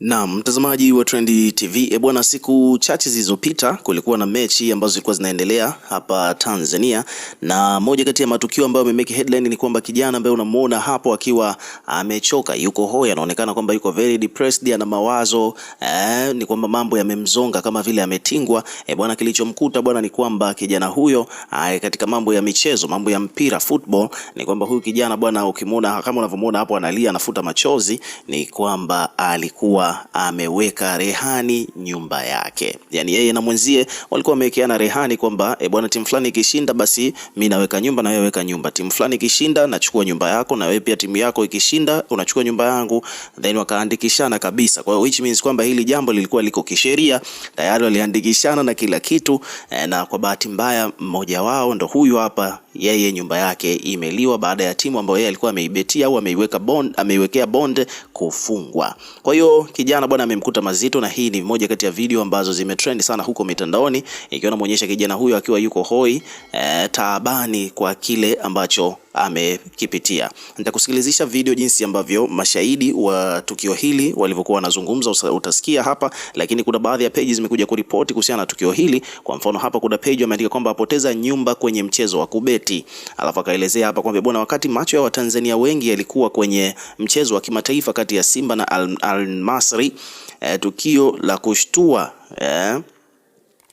Na mtazamaji wa Trend TV, e, bwana, siku chache zilizopita kulikuwa na mechi ambazo zilikuwa zinaendelea hapa Tanzania, na moja kati ya matukio ambayo yamemake headline ni kwamba kijana ambaye unamuona hapo akiwa amechoka, yuko hoi, anaonekana kwamba yuko very depressed, ana mawazo eh, ni kwamba mambo yamemzonga kama vile ametingwa. E, bwana, kilichomkuta bwana ni kwamba kijana huyo eh, katika mambo ya michezo, mambo ya mpira football, ni kwamba huyu kijana bwana, ukimuona kama unavyomuona hapo analia, anafuta machozi, ni kwamba alikuwa alikuwa ameweka rehani nyumba yake, yani yeye na mwenzie walikuwa wamewekeana rehani kwamba e, bwana, timu fulani ikishinda, basi mi naweka nyumba na wewe weka nyumba. Timu fulani ikishinda, nachukua nyumba yako, na wewe pia timu yako ikishinda, unachukua nyumba yangu, then wakaandikishana kabisa. Kwa hiyo which means kwamba hili jambo lilikuwa liko kisheria tayari, waliandikishana na kila kitu, eh, na kwa bahati mbaya mmoja wao ndo huyu hapa yeye nyumba yake imeliwa baada ya timu ambayo yeye alikuwa ameibetia au ameiweka bond, ameiwekea bond kufungwa. Kwa hiyo kijana bwana amemkuta mazito, na hii ni moja kati ya video ambazo zimetrend sana huko mitandaoni, ikiwa inamuonyesha kijana huyo akiwa yuko hoi e, taabani kwa kile ambacho amekipitia. Nitakusikilizisha video jinsi ambavyo mashahidi wa tukio hili walivyokuwa wanazungumza, utasikia hapa, lakini kuna baadhi ya peji zimekuja kuripoti kuhusiana na tukio hili. Kwa mfano, hapa kuna peji ameandika kwamba apoteza nyumba kwenye mchezo wa kubeti, alafu akaelezea hapa kwamba bwana, wakati macho ya Watanzania wengi yalikuwa kwenye mchezo wa kimataifa kati ya Simba na Al Masry, eh, tukio la kushtua eh,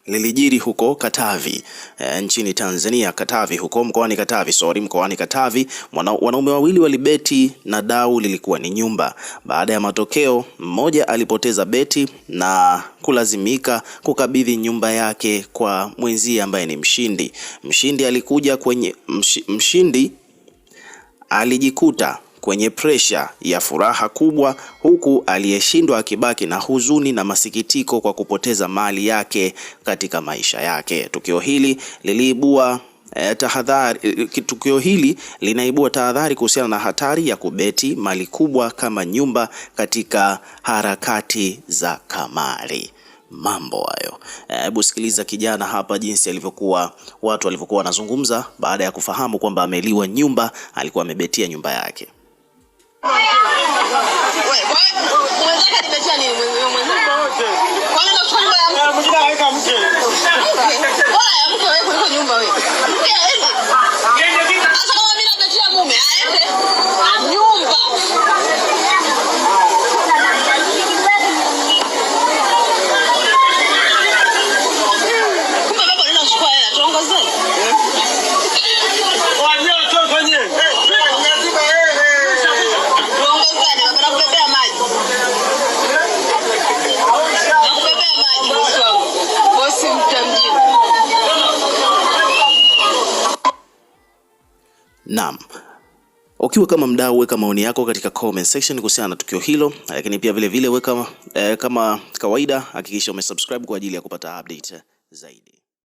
lilijiri huko Katavi e, nchini Tanzania, Katavi huko mkoani Katavi, sorry, mkoani Katavi wana, wanaume wawili walibeti na dau lilikuwa ni nyumba. Baada ya matokeo, mmoja alipoteza beti na kulazimika kukabidhi nyumba yake kwa mwenzie ambaye ni mshindi. Mshindi alikuja kwenye mshindi alijikuta kwenye presha ya furaha kubwa, huku aliyeshindwa akibaki na huzuni na masikitiko kwa kupoteza mali yake katika maisha yake. Tukio hili liliibua eh, tahadhari. Eh, tukio hili linaibua tahadhari kuhusiana na hatari ya kubeti mali kubwa kama nyumba katika harakati za kamari. Mambo hayo. Hebu sikiliza kijana hapa, jinsi alivyokuwa, watu walivyokuwa wanazungumza baada ya kufahamu kwamba ameliwa nyumba, alikuwa amebetia nyumba yake. Hallelujah. Naam. Ukiwa kama mdau, weka maoni yako katika comment section kuhusiana na tukio hilo, lakini pia vile vile weka eh, kama kawaida hakikisha umesubscribe kwa ajili ya kupata update zaidi.